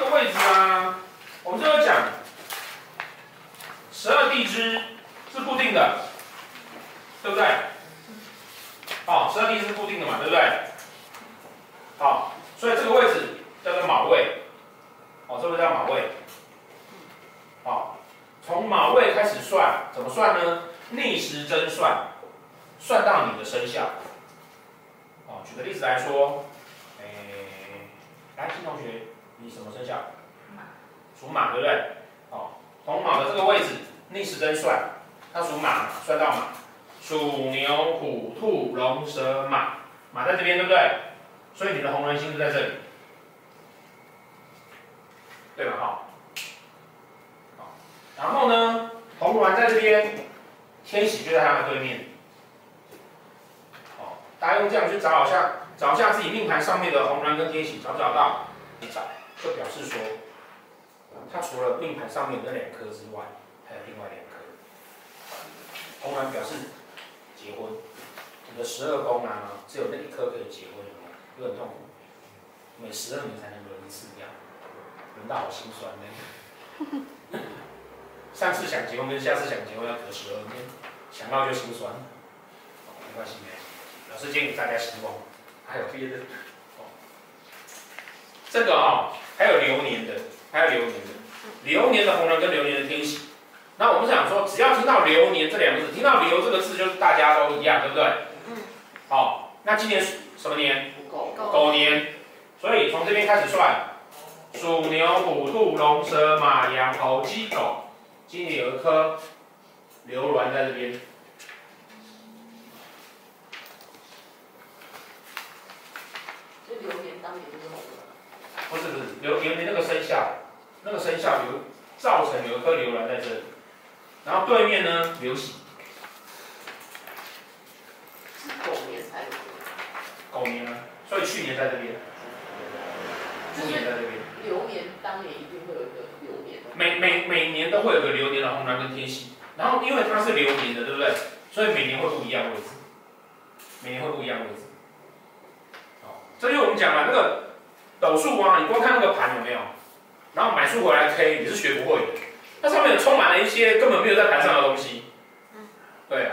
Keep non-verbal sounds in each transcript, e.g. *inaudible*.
這個位置啊，我們就要講十二地支是固定的，對不對？哦，十二地支是固定的嘛，對不對？好、哦，所以這個位置叫做卯位，哦，這個叫卯位。好、哦，從卯位開始算，怎麼算呢？逆時針算，算到你的生肖。哦，舉個例子來說，誒，來，新同學。你什麼生肖？屬馬，馬，對不對？好、哦，紅卯的這個位置，逆時針算，它屬馬，算到馬，屬牛、虎、兔、龍、蛇、馬，馬在這邊，對不對？所以你的紅鸞星就在這裡，對吧？好，好、哦，然後呢，紅鸞在這邊，天喜就在他的對面，好、哦，大家用這樣去找，一下找一下自己命盤上面的紅鸞跟天喜，找不找到？你找。就表示說，它除了命盤上面那兩顆之外，還有另外兩顆。紅鸞表示結婚，你的十二宮啊，只有那一顆可以結婚哦，有點痛苦。每十二年才能輪一次掉，輪到好心酸呢、欸。上次想結婚跟下次想結婚要隔十二年，想到就心酸。沒關係的，老師建議大家希望還有別的。這個啊、哦，還有流年的，還有流年的，流年的紅鸞跟流年的天喜。那我們想說，只要聽到“流年”這兩個字，聽到“流”這個字，就是大家都一樣，對不對？嗯、好，那今年什麼年？狗。狗年，狗年，狗年。所以從這邊開始算，鼠、嗯、牛骨、虎、兔、龍、蛇、馬、羊、猴、雞、狗。今年有一顆流鸞在這邊。這、嗯、流年當年就是紅不是不是，流年那個生肖，那個生肖、那個、流造成有一顆流鸞在這裡，然後對面呢，流喜。是狗年才有。狗年啊，所以去年在這邊，豬、嗯就是、年在這邊。流年當年一定會有一個流年。每每每年都會有個流年，然後呢跟天喜，然後因為它是流年的，對不對？所以每年會不一樣位置，每年會不一樣位置。好，這就我們講了那個。倒數啊！你光看那個盤有沒有？然後買數回來 K，你是學不會的。它上面充滿了一些根本沒有在盤上的東西。對啊，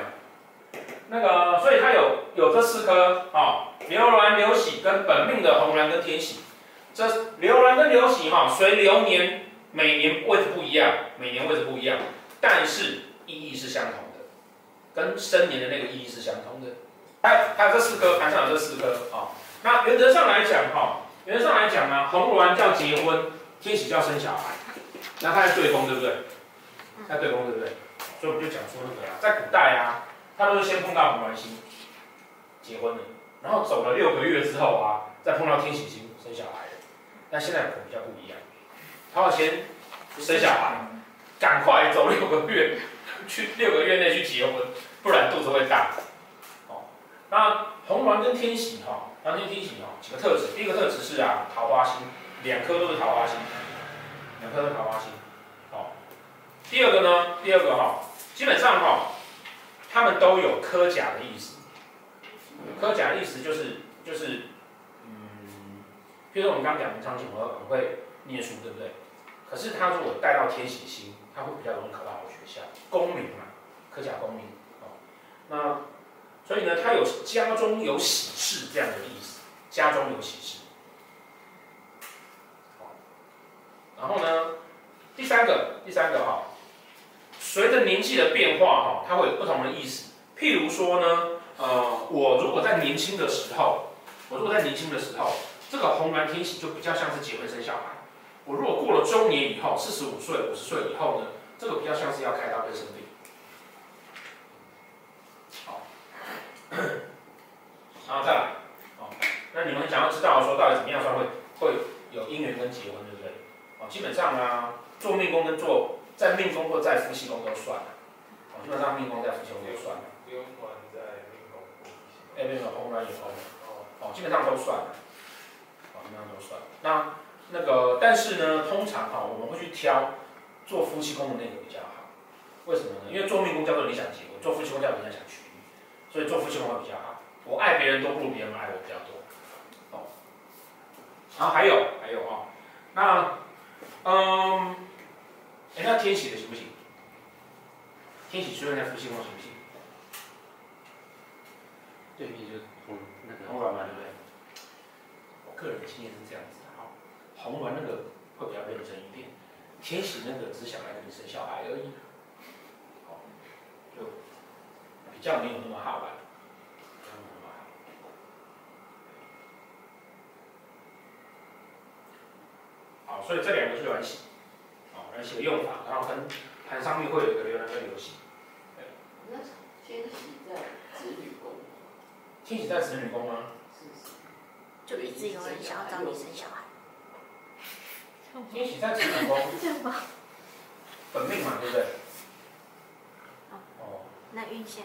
那個所以它有有這四顆啊、牛、哦、蘭、牛喜跟本命的紅鸞跟天喜。這牛蘭跟牛喜哈，隨、哦、流年每年位置不一樣，每年位置不一樣，但是意義是相同的，跟生年的那個意義是相同的。還還有這四顆盤上有這四顆啊、哦。那原則上來講哈。哦原則上來講呢，紅鸞叫結婚，天喜叫生小孩，那它在對宮，對不對？他在對宮，對不對？所以我們就講說那個啊，在古代啊，他都是先碰到紅鸞星結婚的，然後走了六個月之後啊，再碰到天喜星生小孩。但現在可能比較不一樣，他要先生小孩，趕快走六個月，去六個月內去結婚，不然肚子會大。哦，那。紅鸞跟天喜哈、喔，紅鸞天喜哈、喔，幾個特質，第一個特質是啊，桃花星，兩顆都是桃花星，兩顆都是桃花星，好、喔，第二個呢，第二個哈、喔，基本上哈、喔，他們都有科甲的意思，科甲的意思就是就是，嗯，譬如說我們剛剛講文昌星，我很會念書對不對？可是他如果帶到天喜星，他會比較容易考到好學校，功名嘛，科甲功名，好、喔，那。所以呢，他有家中有喜事這樣的意思，家中有喜事。然後呢，第三個，第三個哈、哦，隨着年紀的變化哈、哦，它會有不同的意思。譬如說呢，呃，我如果在年輕的時候，我如果在年輕的時候，這個紅鸞天喜就比較像是結婚生小孩。我如果過了中年以後，四十五歲、五十歲以後呢，這個比較像是要開刀跟生病。結婚對不對？哦，基本上啊，做命宮跟做在命宮或在夫妻宮都算、哦。基本上命宮在夫妻宮都算了。在、嗯、哦、嗯嗯，基本上都算了、嗯。哦，基本上都算、哦上都算。那那個，但是呢，通常哈、哦，我們會去挑做夫妻宮的那個比較好。為什麼呢？因為做命宮叫做理想結婚，做夫妻宮叫做理想娶。所以做夫妻宮會比較好。我愛別人都不如別人愛我比較多。哦。然後還有，還有啊、哦。啊，嗯，哎，那天喜的行不行？天喜除了在夫妻宮行不行？對面就是紅、嗯、那個紅鸞嘛，對不對？我個人經驗是這樣子的哈、哦，紅鸞那個會比較認真一點，天喜那個只想來跟你生小孩而已，好、哦，就比較沒有那麼好玩。所以這兩個是鸞喜，哦、喔，鸞喜的用法，然後跟盤上面會有一個流量更流行。那天喜在子女宮？天喜在子女宮嗎是是？就一直有人想要找你生小孩。天、嗯、喜在子女宮？ *laughs* 本命嘛，對不對？哦。哦，那運限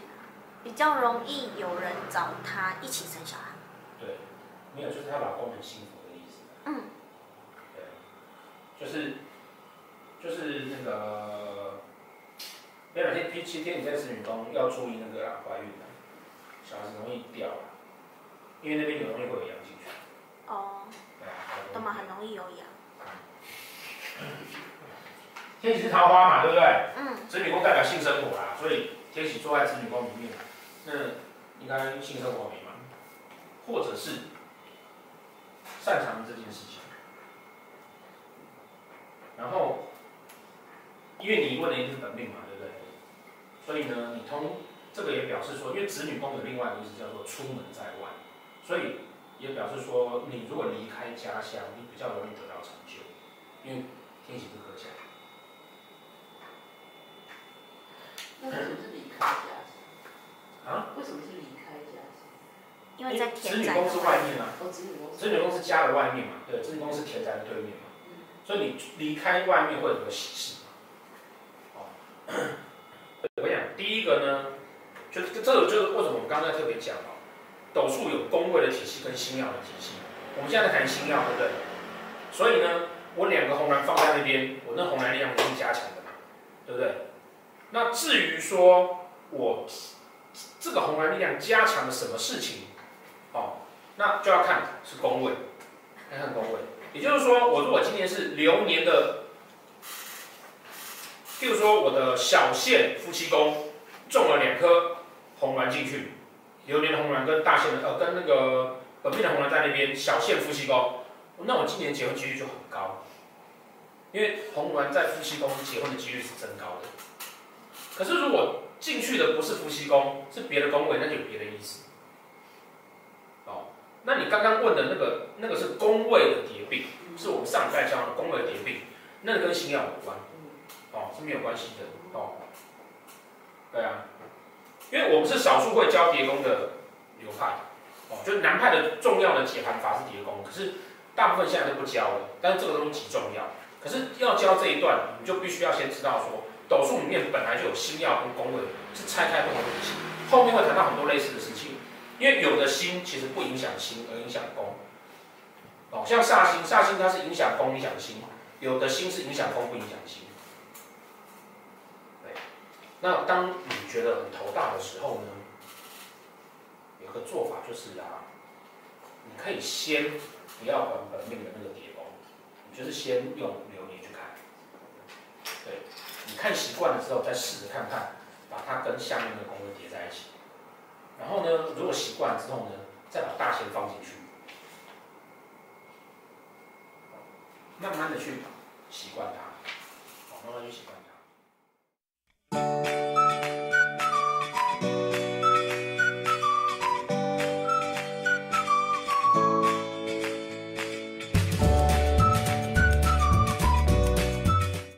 比較容易有人找他一起生小孩。對，沒有就是他老公很幸福的意思。嗯。就是，就是那個，這兩天天喜天喜在子女宮要注意那個啦、啊，懷孕的，小孩子容易掉啊，因為那邊有容易會有羊進去。哦。對啊。都很容易有羊。天喜是桃花嘛，對不對？嗯。子女宮代表性生活啦，所以天喜坐在子女宮裡面，那應該性生活美滿，或者是擅長這件事情。然後，因為你問的是本命嘛，對不對？所以呢，你通這個也表示說，因為子女宮的另外一個意思叫做出門在外，所以也表示說，你如果離開家鄉，你比較容易得到成就，因為天喜不可講、嗯。為什麼是離開家鄉啊？為什麼是離開家，因為在子女宮是外面啊，子女宮，子女宮是，是家的外面嘛，對，子女宮是田宅的對面。所以你離開外面會有什麼喜事？哦、我想第一個呢，就這，這個、就是為什麼我們剛才特別講啊，斗數有宮位的體系跟星曜的體系。我們現在談星曜對不對？所以呢，我兩個紅鸞放在那邊，我那紅鸞力量就是加強的嘛，對不對？那至於說我這個紅鸞力量加強了什麼事情？哦，那就要看是宮位，看看宮位。也就是說，我如果今年是流年的，譬如說我的小限夫妻宮中了兩顆紅鸞進去，流年的紅鸞跟大限的，呃，跟那個本命的紅鸞在那邊，小限夫妻宮，那我今年結婚幾率就很高，因為紅鸞在夫妻宮結婚的幾率是增高的。可是如果進去的不是夫妻宮，是別的宮位，那就有別的意思。那你剛剛問的那個，那個是宮位的疊併，是我們上一代教的宮位疊併。那個跟星曜有關，哦，是沒有關係的哦。對啊，因為我們是少數會教疊宮的流派，哦，就南派的重要的解盤法是疊宮，可是大部分現在都不教了，但是這個東西極重要，可是要教這一段，你就必須要先知道說斗數裡面本來就有星曜跟宮位，是拆開不同的東西，後面會談到很多類似的事情。因為有的星其實不影響星，而影響宮，哦，像煞星，煞星它是影響宮，影響星；有的星是影響宮，不影響星。對，那當你覺得很頭大的時候呢，有個做法就是啊，你可以先不要管本命的那個疊宮，你就是先用流年去看。對，你看習慣了之後，再試着看看，把它跟下面的宮位疊在一起。然後呢，如果習慣之後呢，再把大限放進去，慢慢的去習慣它，慢慢去習慣它。